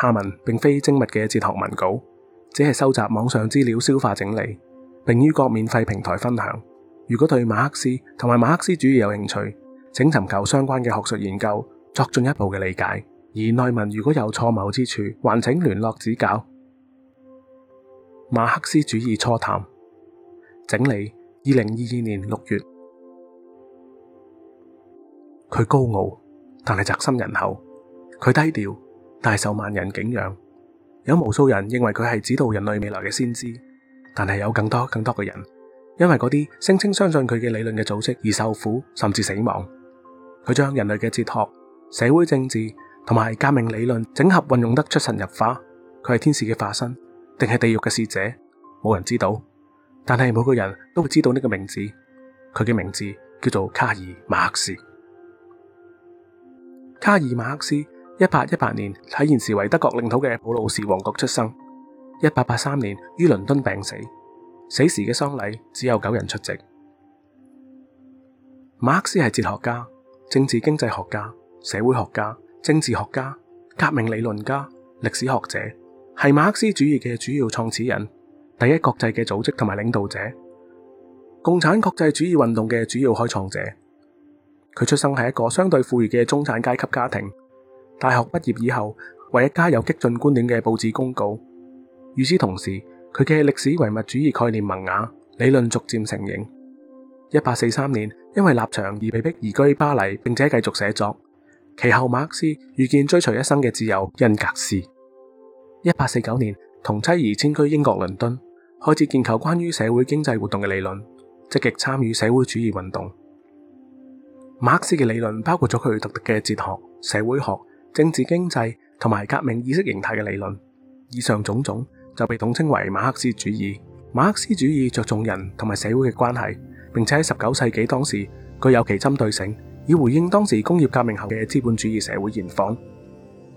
下文並非精密嘅哲學文稿，只係收集網上資料消化整理，並於各免費平台分享。如果對馬克思同埋馬克思主義有興趣，請尋求相關嘅學術研究作進一步嘅理解。而內文如果有錯謬之處，還請聯絡指教。馬克思主義初探，整理二零二二年六月。佢高傲，但係宅心仁厚；佢低調，大受萬人敬仰，有無數人認為佢係指導人類未來嘅先知，但係有更多更多嘅人，因為嗰啲聲稱相信佢嘅理論嘅組織而受苦甚至死亡。佢將人類嘅哲學、社會政治同埋革命理論整合運用得出神入化。佢係天使嘅化身，定係地獄嘅使者？冇人知道。但係每個人都會知道呢個名字，佢嘅名字叫做卡爾馬克思。卡爾馬克思。一八一八年喺現時為德國領土嘅普魯士王國出生，一八八三年於倫敦病死，死時嘅喪禮只有九人出席。馬克思係哲學家、政治經濟學家、社會學家、政治學家、革命理論家、歷史學者，係馬克思主義嘅主要創始人、第一國際嘅組織同埋領導者、共產國際主義運動嘅主要開創者。佢出生喺一個相對富裕嘅中產階級家庭。大學畢業以後，為一家有激進觀點嘅報紙公告。與此同時，佢嘅歷史唯物主義概念萌芽理論逐漸成型。一八四三年，因為立場而被迫移居巴黎，並且繼續寫作。其後，馬克思遇見追隨一生嘅摯友恩格斯。一八四九年，同妻兒遷居英國倫敦，開始建構關於社會經濟活動嘅理論，積極參與社會主義運動。馬克思嘅理論包括咗佢獨特嘅哲學、社會學。政治經濟同埋革命意識形態嘅理論，以上種種就被統稱為馬克思主義。馬克思主義着重人同埋社會嘅關係，並且喺十九世紀當時具有其針對性，以回應當時工業革命後嘅資本主義社會現況。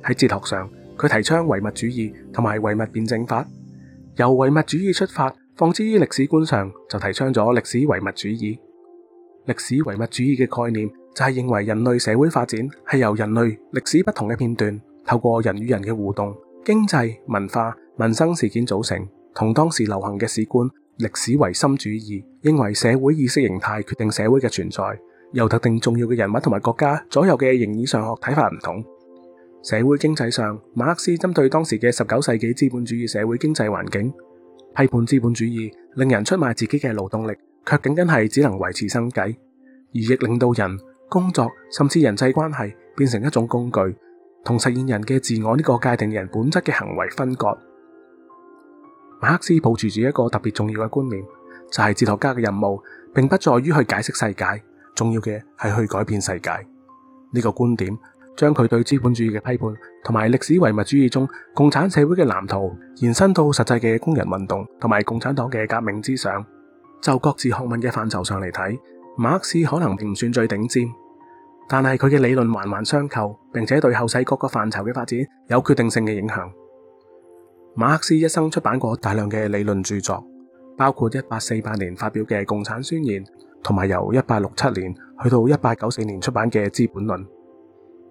喺哲學上，佢提倡唯物主義同埋唯物辯證法，由唯物主義出發，放之於歷史觀上，就提倡咗歷史唯物主義。歷史唯物主義嘅概念，就係認為人類社會發展係由人類歷史不同嘅片段，透過人與人嘅互動、經濟、文化、民生事件組成，同當時流行嘅史觀、歷史唯心主義，認為社會意識形態決定社會嘅存在，由特定重要嘅人物同埋國家左右嘅形而上學睇法唔同。社會經濟上，馬克思針對當時嘅十九世紀資本主義社會經濟環境，批判資本主義令人出賣自己嘅勞動力，卻僅僅係只能維持生計，而亦令到人。工作甚至人際關係變成一種工具，同實現人嘅自我呢個界定人本質嘅行為分割。馬克思抱住住一個特別重要嘅觀念，就係哲學家嘅任務並不在於去解釋世界，重要嘅係去改變世界。呢個觀點將佢對資本主義嘅批判同埋歷史唯物主義中共產社會嘅藍圖延伸到實際嘅工人運動同埋共產黨嘅革命之上。就各自學問嘅範疇上嚟睇，馬克思可能並唔算最頂尖。但係佢嘅理論環環相扣，並且對後世各個範疇嘅發展有決定性嘅影響。馬克思一生出版過大量嘅理論著作，包括一八四八年發表嘅《共產宣言》，同埋由一八六七年去到一八九四年出版嘅《資本論》。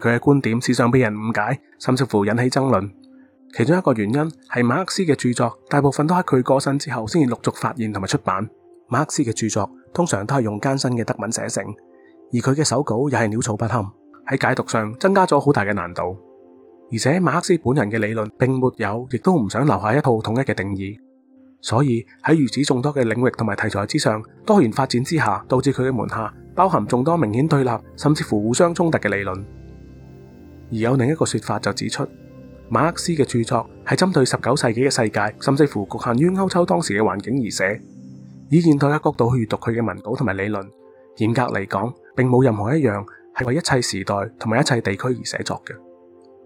佢嘅觀點時常被人誤解，甚至乎引起爭論。其中一個原因係馬克思嘅著作大部分都喺佢過身之後，先至陸續發現同埋出版。馬克思嘅著作通常都係用艱辛嘅德文寫成。而佢嘅手稿又係潦草不堪，喺解讀上增加咗好大嘅難度。而且馬克思本人嘅理論並沒有，亦都唔想留下一套統一嘅定義，所以喺如此眾多嘅領域同埋題材之上多元發展之下，導致佢嘅門下包含眾多明顯對立甚至乎互相衝突嘅理論。而有另一個說法就指出，馬克思嘅著作係針對十九世紀嘅世界，甚至乎局限於歐洲當時嘅環境而寫。以現代嘅角度去閱讀佢嘅文稿同埋理論，嚴格嚟講。並冇任何一樣係為一切時代同埋一切地區而寫作嘅。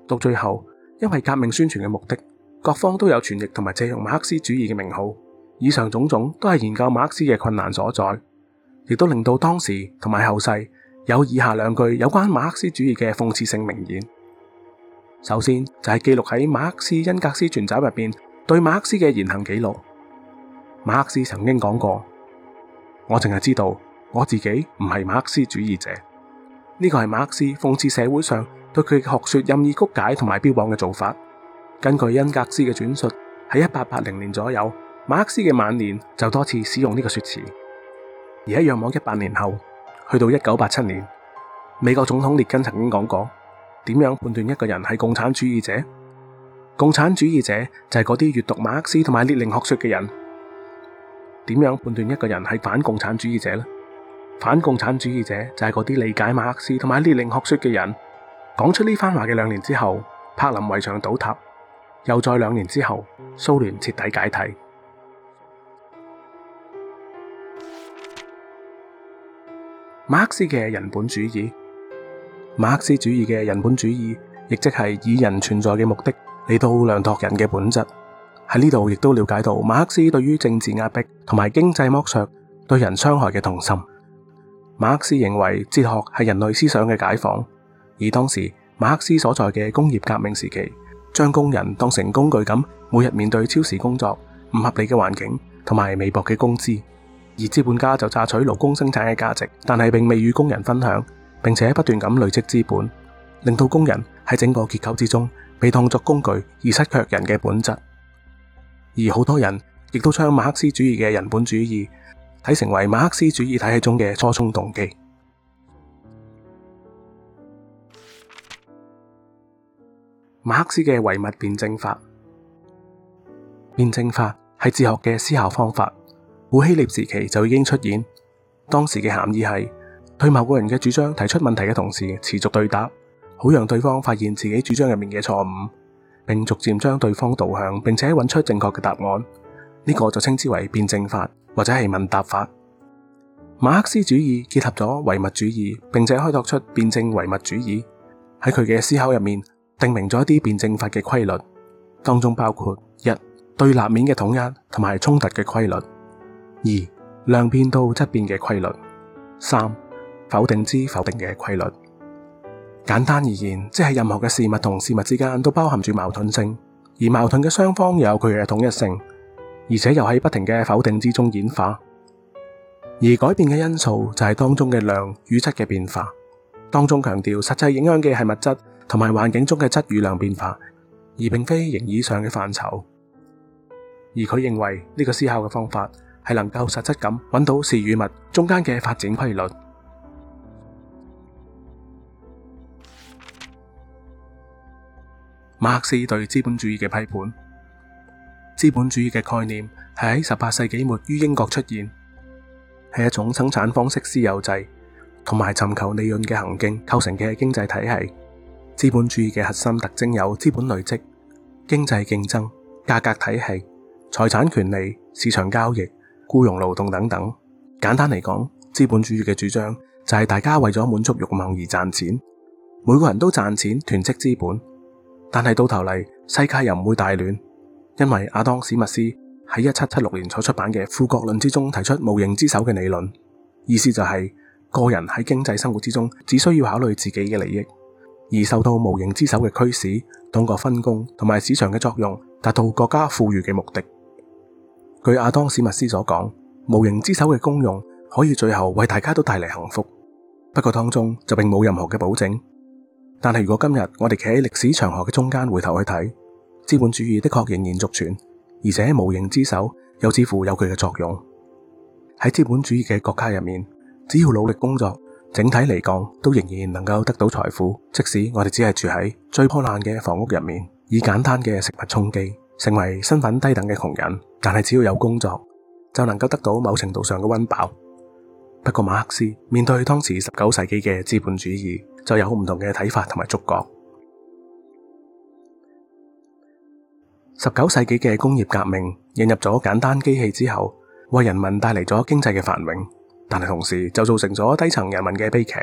到最後，因為革命宣傳嘅目的，各方都有傳譯同埋借用馬克思主義嘅名號。以上種種都係研究馬克思嘅困難所在，亦都令到當時同埋後世有以下兩句有關馬克思主義嘅諷刺性名言。首先就係、是、記錄喺馬克思恩格斯全集入邊對馬克思嘅言行記錄。馬克思曾經講過：我淨係知道。我自己唔係馬克思主義者，呢個係馬克思諷刺社會上對佢嘅學說任意曲解同埋標榜嘅做法。根據恩格斯嘅轉述，喺一八八零年左右，馬克思嘅晚年就多次使用呢個說詞。而喺約莫一百年後，去到一九八七年，美國總統列根曾經講過：「點樣判斷一個人係共產主義者？共產主義者就係嗰啲閱讀馬克思同埋列寧學說嘅人。點樣判斷一個人係反共產主義者呢？」反共產主義者就係嗰啲理解馬克思同埋列寧學說嘅人。講出呢番話嘅兩年之後，柏林圍牆倒塌，又再兩年之後，蘇聯徹底解體。馬克思嘅人本主義，馬克思主義嘅人本主義，亦即係以人存在嘅目的嚟到量度人嘅本質。喺呢度亦都了解到馬克思對於政治壓迫同埋經濟剝削對人傷害嘅痛心。馬克思認為哲學係人類思想嘅解放，而當時馬克思所在嘅工業革命時期，將工人當成工具咁，每日面對超時工作、唔合理嘅環境同埋微薄嘅工資，而資本家就榨取勞工生產嘅價值，但係並未與工人分享，並且不斷咁累積資本，令到工人喺整個結構之中被當作工具而失卻人嘅本質。而好多人亦都將馬克思主義嘅人本主義，睇成為馬克思主義體系中嘅初衷動機。馬克思嘅唯物辯證法，辯證法係哲學嘅思考方法，古希臘時期就已經出現。當時嘅涵義係對某個人嘅主張提出問題嘅同時，持續對答，好讓對方發現自己主張入面嘅錯誤，並逐漸將對方導向，並且揾出正確嘅答案。呢個就稱之為辯證法，或者係問答法。馬克思主義結合咗唯物主義，並且開拓出辯證唯物主義，喺佢嘅思考入面，定明咗一啲辯證法嘅規律，當中包括一對立面嘅統一，同埋衝突嘅規律；二量變到質變嘅規律；三否定之否定嘅規律。簡單而言，即係任何嘅事物同事物之間都包含住矛盾性，而矛盾嘅雙方有佢嘅統一性。而且又喺不停嘅否定之中演化，而改變嘅因素就係當中嘅量與質嘅變化。當中強調實際影響嘅係物質同埋環境中嘅質與量變化，而並非形以上嘅範疇。而佢認為呢個思考嘅方法係能夠實質咁揾到事與物中間嘅發展規律。馬克思對資本主義嘅批判。資本主義嘅概念係喺十八世紀末於英國出現，係一種生產方式、私有制同埋尋求利潤嘅行徑構成嘅經濟體系。資本主義嘅核心特徵有資本累積、經濟競爭、價格體系、財產權利、市場交易、僱傭勞動等等。簡單嚟講，資本主義嘅主張就係大家為咗滿足慾望而賺錢，每個人都賺錢囤積資本，但係到頭嚟世界又唔會大亂。因為阿當史密斯喺一七七六年所出版嘅《富國論》之中提出無形之手嘅理論，意思就係個人喺經濟生活之中只需要考慮自己嘅利益，而受到無形之手嘅驅使，通過分工同埋市場嘅作用，達到國家富裕嘅目的。據阿當史密斯所講，無形之手嘅功用可以最後為大家都帶嚟幸福，不過當中就並冇任何嘅保證。但係如果今日我哋企喺歷史長河嘅中間回頭去睇。資本主義的確仍然存續，而且無形之手又似乎有佢嘅作用。喺資本主義嘅國家入面，只要努力工作，整體嚟講都仍然能夠得到財富。即使我哋只係住喺最破爛嘅房屋入面，以簡單嘅食物充飢，成為身份低等嘅窮人，但係只要有工作，就能夠得到某程度上嘅溫飽。不過馬克思面對當時十九世紀嘅資本主義，就有唔同嘅睇法同埋觸覺。十九世紀嘅工業革命引入咗簡單機器之後，為人民帶嚟咗經濟嘅繁榮，但係同時就造成咗低層人民嘅悲劇。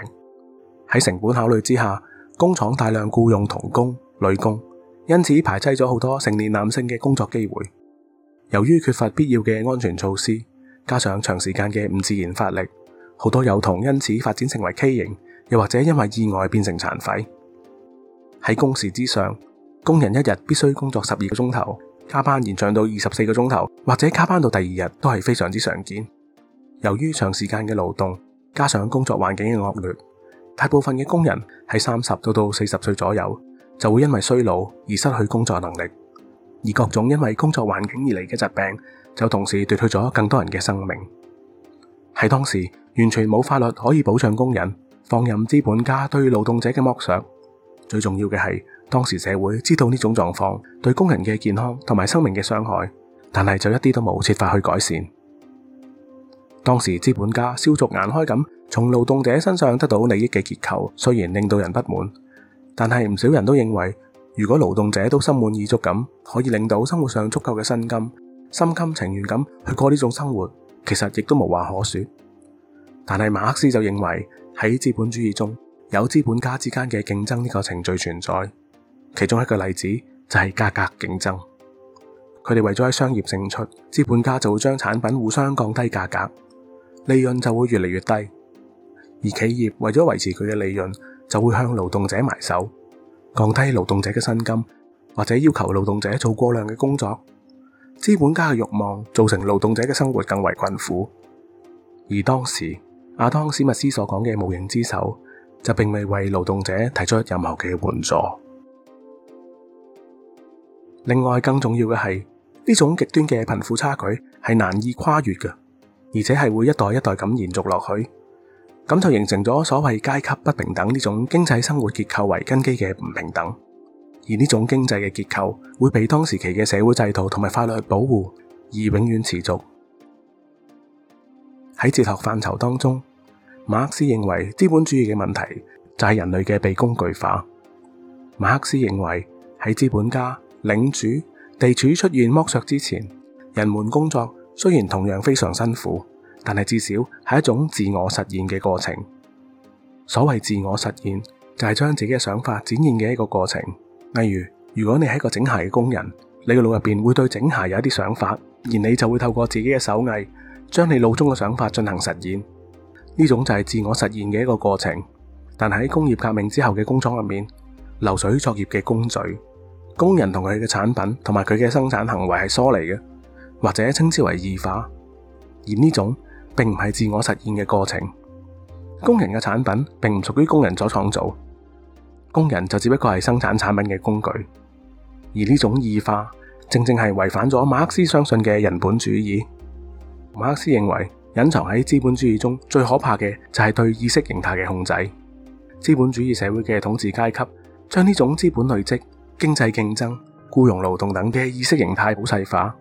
喺成本考慮之下，工廠大量僱傭童工、女工，因此排擠咗好多成年男性嘅工作機會。由於缺乏必要嘅安全措施，加上長時間嘅唔自然發力，好多幼童因此發展成為畸形，又或者因為意外變成殘廢。喺工時之上。工人一日必須工作十二個鐘頭，加班延長到二十四個鐘頭，或者加班到第二日都係非常之常見。由於長時間嘅勞動，加上工作環境嘅惡劣，大部分嘅工人喺三十到到四十歲左右就會因為衰老而失去工作能力，而各種因為工作環境而嚟嘅疾病就同時奪去咗更多人嘅生命。喺當時，完全冇法律可以保障工人，放任資本家對勞動者嘅剝削。最重要嘅係，當時社會知道呢種狀況對工人嘅健康同埋生命嘅傷害，但係就一啲都冇設法去改善。當時資本家笑逐顏開咁，從勞動者身上得到利益嘅結構，雖然令到人不滿，但係唔少人都認為，如果勞動者都心滿意足咁，可以領到生活上足夠嘅薪金，心甘情願咁去過呢種生活，其實亦都無話可說。但係馬克思就認為喺資本主義中，有資本家之間嘅競爭呢個程序存在，其中一個例子就係價格競爭。佢哋為咗喺商業勝出，資本家就會將產品互相降低價格，利潤就會越嚟越低。而企業為咗維持佢嘅利潤，就會向勞動者埋手，降低勞動者嘅薪金，或者要求勞動者做過量嘅工作。資本家嘅慾望造成勞動者嘅生活更為困苦。而當時，亞當斯密斯所講嘅無形之手。就並未為勞動者提出任何嘅援助。另外，更重要嘅係呢種極端嘅貧富差距係難以跨越嘅，而且係會一代一代咁延續落去，咁就形成咗所謂階級不平等呢種經濟生活結構為根基嘅唔平等，而呢種經濟嘅結構會被當時期嘅社會制度同埋法律保護，而永遠持續。喺哲學範疇當中。馬克思認為資本主義嘅問題就係人類嘅被工具化。馬克思認為喺資本家、領主、地主出現剝削之前，人們工作雖然同樣非常辛苦，但係至少係一種自我實現嘅過程。所謂自我實現，就係將自己嘅想法展現嘅一個過程。例如，如果你係一個整鞋嘅工人，你嘅腦入邊會對整鞋有一啲想法，而你就會透過自己嘅手藝，將你腦中嘅想法進行實現。呢種就係自我實現嘅一個過程，但喺工業革命之後嘅工廠入面，流水作業嘅工序、工人同佢嘅產品同埋佢嘅生產行為係疏離嘅，或者稱之為異化。而呢種並唔係自我實現嘅過程，工人嘅產品並唔屬於工人所創造，工人就只不過係生產產品嘅工具。而呢種異化，正正係違反咗馬克思相信嘅人本主義。馬克思認為。隱藏喺資本主義中最可怕嘅就係對意識形態嘅控制。資本主義社會嘅統治階級將呢種資本累積、經濟競爭、僱傭勞動等嘅意識形態普及化，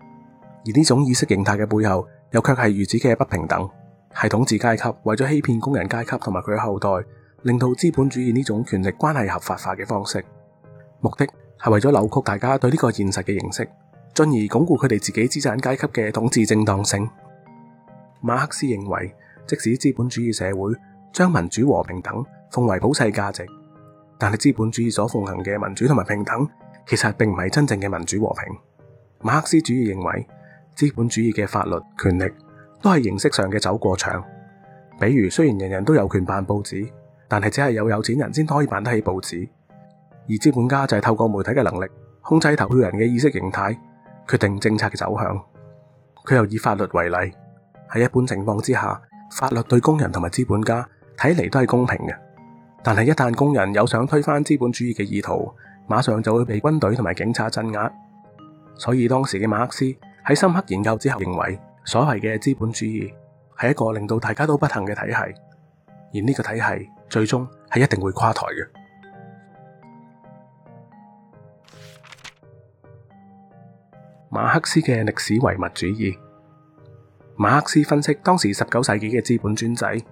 而呢種意識形態嘅背後又卻係如此嘅不平等。係統治階級為咗欺騙工人階級同埋佢嘅後代，令到資本主義呢種權力關係合法化嘅方式，目的係為咗扭曲大家對呢個現實嘅認識，進而鞏固佢哋自己資產階級嘅統治正當性。馬克思認為，即使資本主義社會將民主和平等奉為普世價值，但係資本主義所奉行嘅民主同埋平等，其實並唔係真正嘅民主和平。馬克思主義認為，資本主義嘅法律權力都係形式上嘅走過場。比如，雖然人人都有權辦報紙，但係只係有有錢人先可以辦得起報紙。而資本家就係透過媒體嘅能力，控制投票人嘅意識形態，決定政策嘅走向。佢又以法律為例。喺一般情況之下，法律對工人同埋資本家睇嚟都係公平嘅。但係一旦工人有想推翻資本主義嘅意圖，馬上就會被軍隊同埋警察鎮壓。所以當時嘅馬克思喺深刻研究之後，認為所謂嘅資本主義係一個令到大家都不幸嘅體系，而呢個體系最終係一定會垮台嘅。馬克思嘅歷史唯物主義。馬克思分析當時十九世紀嘅資本專制，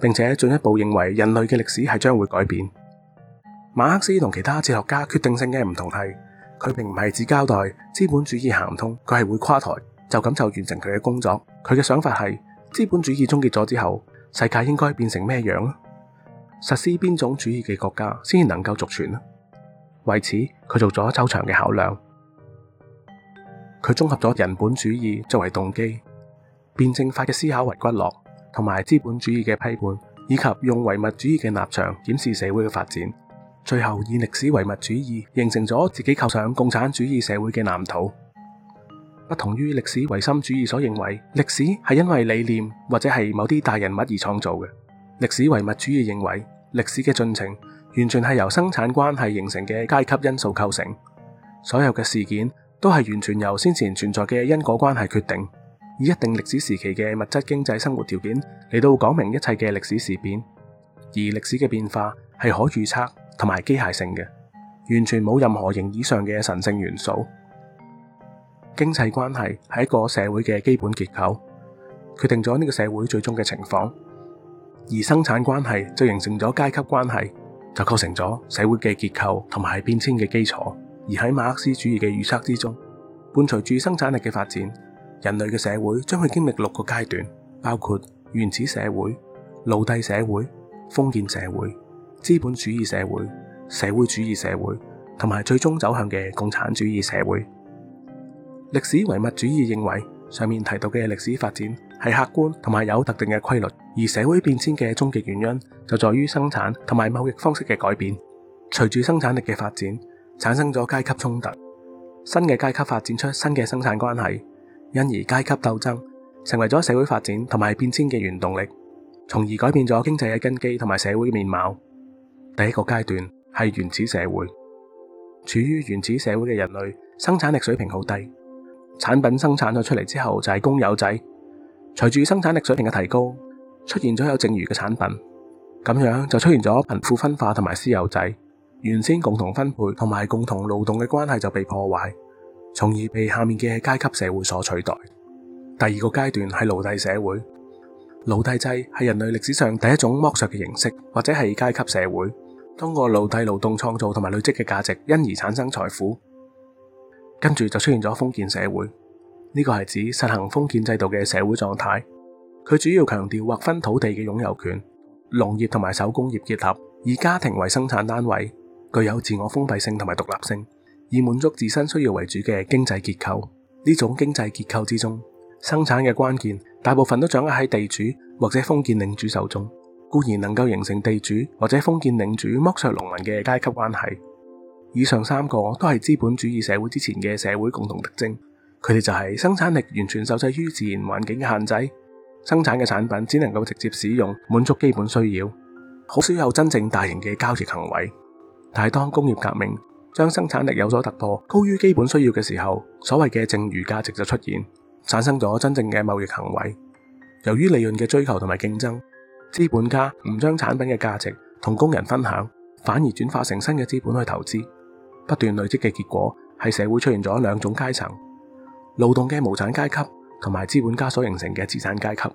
並且進一步認為人類嘅歷史係將會改變。馬克思同其他哲學家決定性嘅唔同係，佢並唔係只交代資本主義行唔通，佢係會垮台，就咁就完成佢嘅工作。佢嘅想法係資本主義終結咗之後，世界應該變成咩樣啊？實施邊種主義嘅國家先能夠續存啊？為此，佢做咗周長嘅考量，佢綜合咗人本主義作為動機。辯證法嘅思考為骨骼，同埋資本主義嘅批判，以及用唯物主義嘅立場檢視社會嘅發展，最後以歷史唯物主義形成咗自己構想共產主義社會嘅藍圖。不同於歷史唯心主義所認為歷史係因為理念或者係某啲大人物而創造嘅，歷史唯物主義認為歷史嘅進程完全係由生產關係形成嘅階級因素構成，所有嘅事件都係完全由先前存在嘅因果關係決定。以一定歷史時期嘅物質經濟生活條件嚟到講明一切嘅歷史事變，而歷史嘅變化係可預測同埋機械性嘅，完全冇任何形以上嘅神聖元素。經濟關係係一個社會嘅基本結構，決定咗呢個社會最終嘅情況，而生產關係就形成咗階級關係，就構成咗社會嘅結構同埋變遷嘅基礎。而喺馬克思主義嘅預測之中，伴隨住生產力嘅發展。人類嘅社會將會經歷六個階段，包括原始社會、奴隸社會、封建社會、資本主義社會、社會主義社會，同埋最終走向嘅共產主義社會。歷史唯物主義認為，上面提到嘅歷史發展係客觀同埋有特定嘅規律，而社會變遷嘅終極原因就在於生產同埋貿易方式嘅改變。隨住生產力嘅發展，產生咗階級衝突，新嘅階級發展出新嘅生產關係。因而階級鬥爭成為咗社會發展同埋變遷嘅原動力，從而改變咗經濟嘅根基同埋社會嘅面貌。第一個階段係原始社會，處於原始社會嘅人類生產力水平好低，產品生產咗出嚟之後就係公有制。隨住生產力水平嘅提高，出現咗有剩餘嘅產品，咁樣就出現咗貧富分化同埋私有制。原先共同分配同埋共同勞動嘅關係就被破壞。從而被下面嘅階級社會所取代。第二個階段係奴隸社會，奴隸制係人類歷史上第一種剝削嘅形式，或者係階級社會。通過奴隸勞動創造同埋累積嘅價值，因而產生財富。跟住就出現咗封建社會，呢個係指實行封建制度嘅社會狀態。佢主要強調劃分土地嘅擁有權，農業同埋手工業結合，以家庭為生產單位，具有自我封閉性同埋獨立性。以滿足自身需要為主嘅經濟結構，呢種經濟結構之中，生產嘅關鍵大部分都掌握喺地主或者封建領主手中，固然能夠形成地主或者封建領主剝削農民嘅階級關係。以上三個都係資本主義社會之前嘅社會共同特徵，佢哋就係生產力完全受制於自然環境嘅限制，生產嘅產品只能夠直接使用滿足基本需要，好少有真正大型嘅交易行為。但係當工業革命將生產力有所突破，高於基本需要嘅時候，所謂嘅剩餘價值就出現，產生咗真正嘅貿易行為。由於利潤嘅追求同埋競爭，資本家唔將產品嘅價值同工人分享，反而轉化成新嘅資本去投資，不斷累積嘅結果係社會出現咗兩種階層：勞動嘅無產階級同埋資本家所形成嘅資產階級。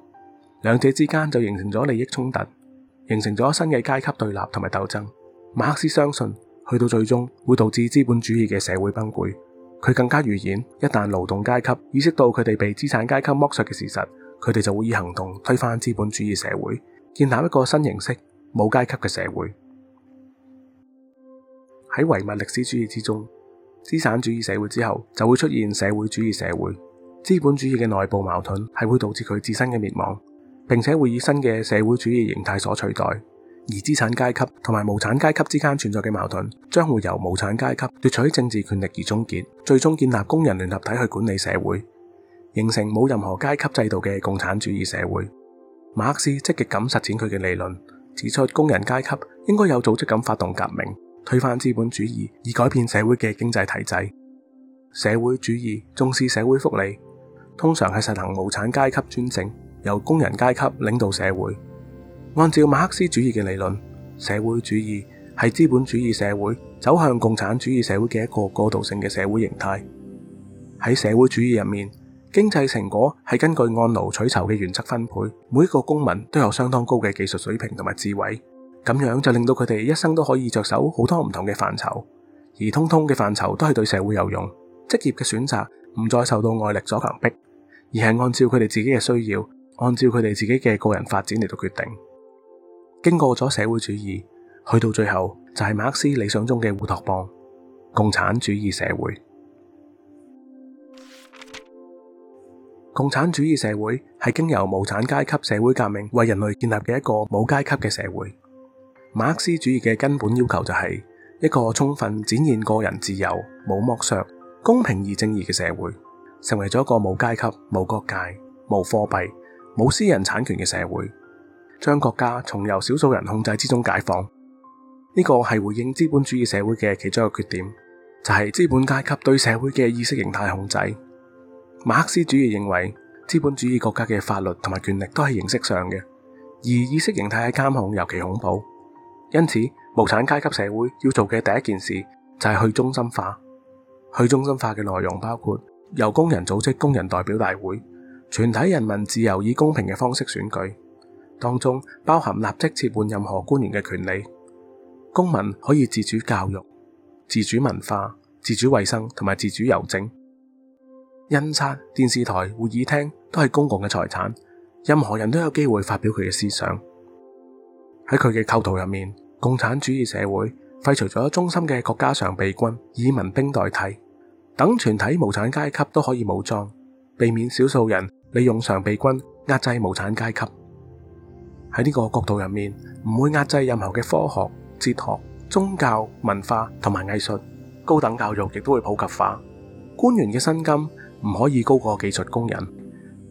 兩者之間就形成咗利益衝突，形成咗新嘅階級對立同埋鬥爭。馬克思相信，去到最終會導致資本主義嘅社會崩潰。佢更加預言，一旦勞動階級意識到佢哋被資產階級剝削嘅事實，佢哋就會以行動推翻資本主義社會，建立一個新形式冇階級嘅社會。喺唯物歷史主義之中，資產主義社會之後就會出現社會主義社會。資本主義嘅內部矛盾係會導致佢自身嘅滅亡，並且會以新嘅社會主義形態所取代。而資產階級同埋無產階級之間存在嘅矛盾，將會由無產階級奪取政治權力而終結，最終建立工人聯合體去管理社會，形成冇任何階級制度嘅共產主義社會。馬克思積極咁實踐佢嘅理論，指出工人階級應該有組織咁發動革命，推翻資本主義，以改變社會嘅經濟體制。社會主義重視社會福利，通常係實行無產階級專政，由工人階級領導社會。按照馬克思主義嘅理論，社會主義係資本主義社會走向共產主義社會嘅一個過渡性嘅社會形態。喺社會主義入面，經濟成果係根據按勞取酬嘅原則分配，每一個公民都有相當高嘅技術水平同埋智慧，咁樣就令到佢哋一生都可以着手好多唔同嘅範疇，而通通嘅範疇都係對社會有用。職業嘅選擇唔再受到外力所強迫，而係按照佢哋自己嘅需要，按照佢哋自己嘅個人發展嚟到決定。經過咗社會主義，去到最後就係馬克思理想中嘅烏托邦——共產主義社會。共產主義社會係經由無產階級社會革命為人類建立嘅一個冇階級嘅社會。馬克思主義嘅根本要求就係一個充分展現個人自由、冇剝削、公平而正義嘅社會，成為咗一個冇階級、冇國界、冇貨幣、冇私人產權嘅社會。將國家從由少數人控制之中解放，呢、這個係回應資本主義社會嘅其中一個缺點，就係、是、資本階級對社會嘅意識形態控制。馬克思主義認為，資本主義國家嘅法律同埋權力都係形式上嘅，而意識形態嘅監控尤其恐怖。因此，無產階級社會要做嘅第一件事就係去中心化。去中心化嘅內容包括由工人組織、工人代表大會，全體人民自由以公平嘅方式選舉。當中包含立即撤換任何官員嘅權利，公民可以自主教育、自主文化、自主衛生同埋自主郵政。印刷、電視台、會議廳都係公共嘅財產，任何人都有機會發表佢嘅思想。喺佢嘅構圖入面，共產主義社會廢除咗中心嘅國家常備軍，以民兵代替，等全體無產階級都可以武裝，避免少數人利用常備軍壓制無產階級。喺呢個角度入面，唔會壓制任何嘅科學、哲學、宗教、文化同埋藝術，高等教育亦都會普及化。官員嘅薪金唔可以高過技術工人。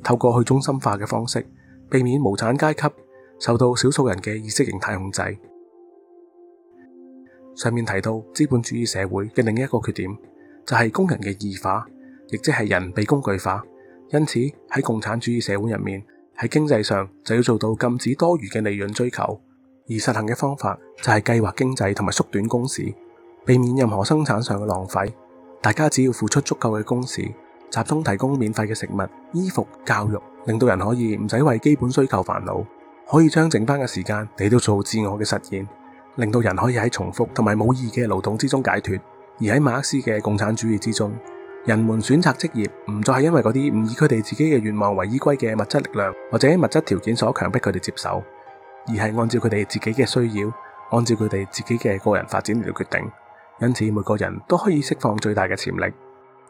透過去中心化嘅方式，避免無產階級受到少數人嘅意識形態控制。上面提到資本主義社會嘅另一個缺點，就係工人嘅異化，亦即係人被工具化。因此喺共產主義社會入面。喺經濟上就要做到禁止多餘嘅利潤追求，而實行嘅方法就係計劃經濟同埋縮短工時，避免任何生產上嘅浪費。大家只要付出足夠嘅工時，集中提供免費嘅食物、衣服、教育，令到人可以唔使為基本需求煩惱，可以將剩翻嘅時間嚟到做自我嘅實驗令到實現，令到人可以喺重複同埋冇意義嘅勞動之中解脱。而喺馬克思嘅共產主義之中。人們選擇職業唔再係因為嗰啲唔以佢哋自己嘅願望為依歸嘅物質力量或者物質條件所強迫佢哋接受，而係按照佢哋自己嘅需要，按照佢哋自己嘅個人發展嚟做決定。因此，每個人都可以釋放最大嘅潛力。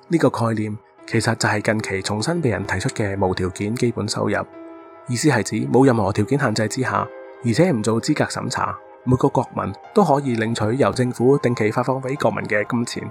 呢個概念其實就係近期重新被人提出嘅無條件基本收入，意思係指冇任何條件限制之下，而且唔做資格審查，每個國民都可以領取由政府定期發放俾國民嘅金錢。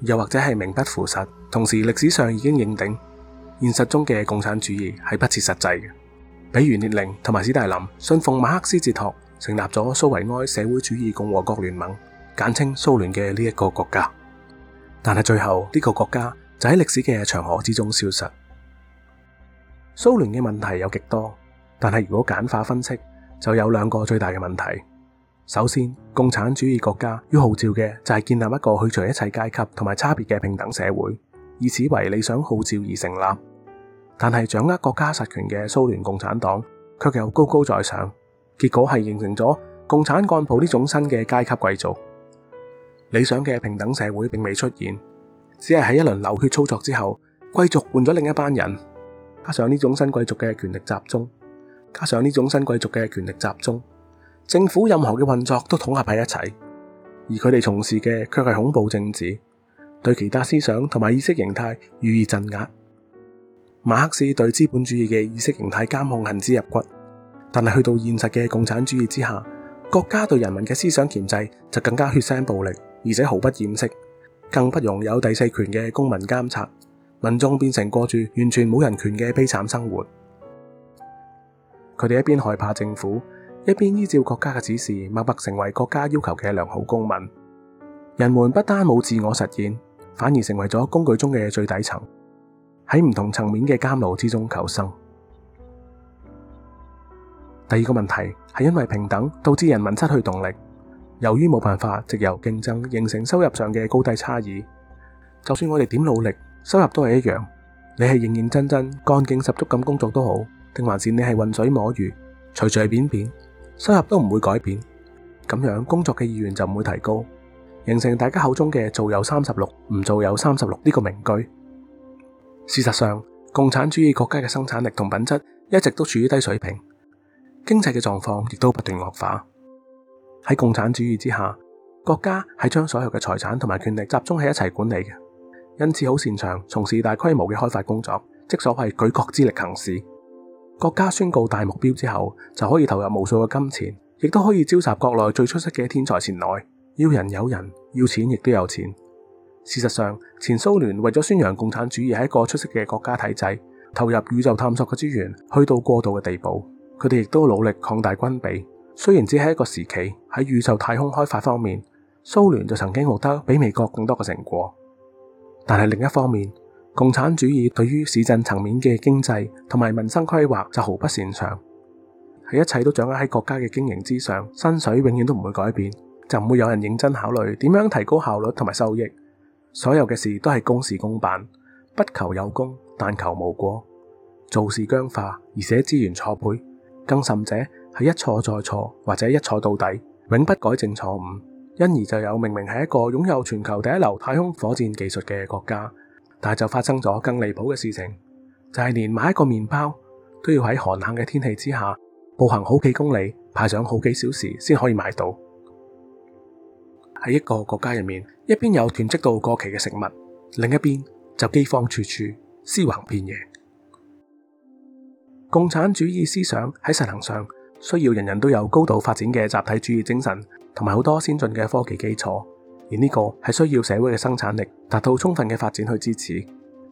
又或者係名不符實，同時歷史上已經認定，現實中嘅共產主義係不切實際嘅。比如列寧同埋史大林信奉馬克思哲學，成立咗蘇維埃社會主義共和國聯盟，簡稱蘇聯嘅呢一個國家。但係最後呢、這個國家就喺歷史嘅長河之中消失。蘇聯嘅問題有極多，但係如果簡化分析，就有兩個最大嘅問題。首先，共產主義國家要號召嘅就係建立一個去除一切階級同埋差別嘅平等社會，以此為理想號召而成立。但係掌握國家實權嘅蘇聯共產黨卻又高高在上，結果係形成咗共產幹部呢種新嘅階級貴族。理想嘅平等社會並未出現，只係喺一輪流血操作之後，貴族換咗另一班人。加上呢種新貴族嘅權力集中，加上呢種新貴族嘅權力集中。政府任何嘅運作都統合喺一齊，而佢哋從事嘅卻係恐怖政治，對其他思想同埋意識形態予以鎮壓。馬克思對資本主義嘅意識形態監控恨之入骨，但係去到現實嘅共產主義之下，國家對人民嘅思想鉗制就更加血腥暴力，而且毫不掩飾，更不容有第四權嘅公民監察，民眾變成過住完全冇人權嘅悲慘生活。佢哋一邊害怕政府。一邊依照國家嘅指示，默默成為國家要求嘅良好公民。人們不單冇自我實現，反而成為咗工具中嘅最底層，喺唔同層面嘅監牢之中求生。第二個問題係因為平等導致人民失去動力。由於冇辦法自由競爭，形成收入上嘅高低差異。就算我哋點努力，收入都係一樣。你係認認真真、幹勁十足咁工作都好，定還是你係渾水摸魚、隨隨便便？收入都唔會改變，咁樣工作嘅意願就唔會提高，形成大家口中嘅做有三十六，唔做有三十六呢個名句。事實上，共產主義國家嘅生產力同品質一直都處於低水平，經濟嘅狀況亦都不斷惡化。喺共產主義之下，國家係將所有嘅財產同埋權力集中喺一齊管理嘅，因此好擅長從事大規模嘅開發工作，即所謂舉國之力行事。國家宣告大目標之後，就可以投入無數嘅金錢，亦都可以召集國內最出色嘅天才前來，要人有人，要錢亦都有錢。事實上，前蘇聯為咗宣揚共產主義係一個出色嘅國家體制，投入宇宙探索嘅資源去到過度嘅地步，佢哋亦都努力擴大軍備。雖然只係一個時期喺宇宙太空開發方面，蘇聯就曾經獲得比美國更多嘅成果，但係另一方面，共產主義對於市鎮層面嘅經濟同埋民生規劃就毫不擅長，喺一切都掌握喺國家嘅經營之上，薪水永遠都唔會改變，就唔會有人認真考慮點樣提高效率同埋收益。所有嘅事都係公事公辦，不求有功，但求無過，做事僵化，而且資源錯配，更甚者係一錯再錯或者一錯到底，永不改正錯誤，因而就有明明係一個擁有全球第一流太空火箭技術嘅國家。但係就發生咗更離譜嘅事情，就係連買一個麵包都要喺寒冷嘅天氣之下步行好幾公里，排上好幾小時先可以買到。喺一個國家入面，一邊有囤積到過期嘅食物，另一邊就饑荒處處，屍橫遍野。共產主義思想喺實行上需要人人都有高度發展嘅集體主義精神，同埋好多先進嘅科技基礎。而呢個係需要社會嘅生產力達到充分嘅發展去支持，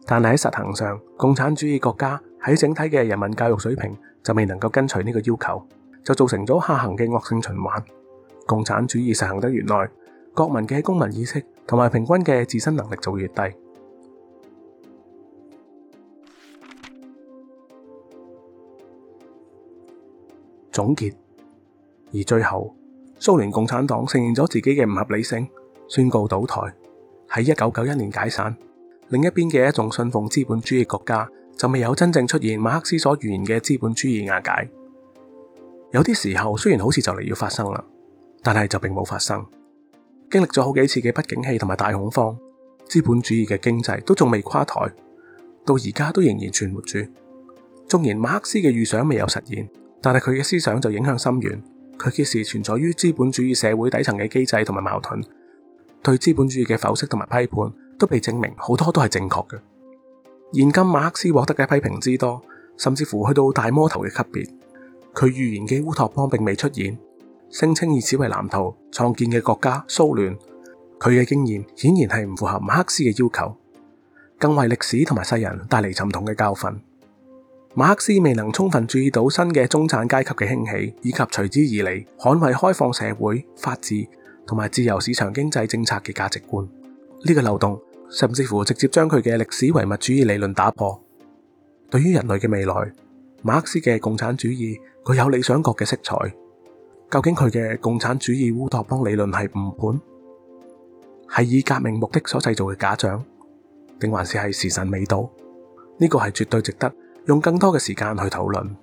但係喺實行上，共產主義國家喺整體嘅人民教育水平就未能夠跟隨呢個要求，就造成咗下行嘅惡性循環。共產主義實行得越耐，國民嘅公民意識同埋平均嘅自身能力就越低。總結，而最後，蘇聯共產黨承認咗自己嘅唔合理性。宣告倒台，喺一九九一年解散。另一邊嘅一種信奉資本主義國家就未有真正出現馬克思所預言嘅資本主義瓦解。有啲時候雖然好似就嚟要發生啦，但係就並冇發生。經歷咗好幾次嘅不景氣同埋大恐慌，資本主義嘅經濟都仲未垮台，到而家都仍然存活住。縱然馬克思嘅預想未有實現，但係佢嘅思想就影響深遠。佢揭示存在於資本主義社會底層嘅機制同埋矛盾。對資本主義嘅剖析同埋批判，都被證明好多都係正確嘅。現今馬克思獲得嘅批評之多，甚至乎去到大魔頭嘅級別。佢預言嘅烏托邦並未出現，聲稱以此為藍圖創建嘅國家蘇聯，佢嘅經驗顯然係唔符合馬克思嘅要求，更為歷史同埋世人帶嚟沉痛嘅教訓。馬克思未能充分注意到新嘅中產階級嘅興起，以及隨之而嚟捍衛開放社會、法治同埋自由市場經濟政策嘅價值觀，呢、這個漏洞甚至乎直接將佢嘅歷史唯物主義理論打破。對於人類嘅未來，馬克思嘅共產主義具有理想國嘅色彩。究竟佢嘅共產主義烏托邦理論係誤判，係以革命目的所製造嘅假象，定還是係時辰未到？呢、這個係絕對值得用更多嘅時間去討論。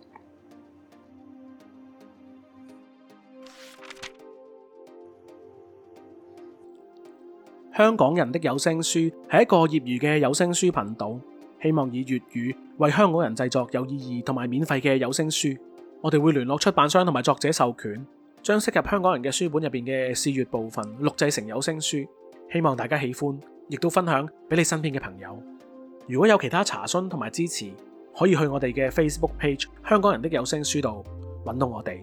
香港人的有聲書係一個業餘嘅有聲書頻道，希望以粵語為香港人製作有意義同埋免費嘅有聲書。我哋會聯絡出版商同埋作者授權，將適合香港人嘅書本入邊嘅試閱部分錄製成有聲書，希望大家喜歡，亦都分享俾你身邊嘅朋友。如果有其他查詢同埋支持，可以去我哋嘅 Facebook page《香港人的有聲書》度揾到我哋。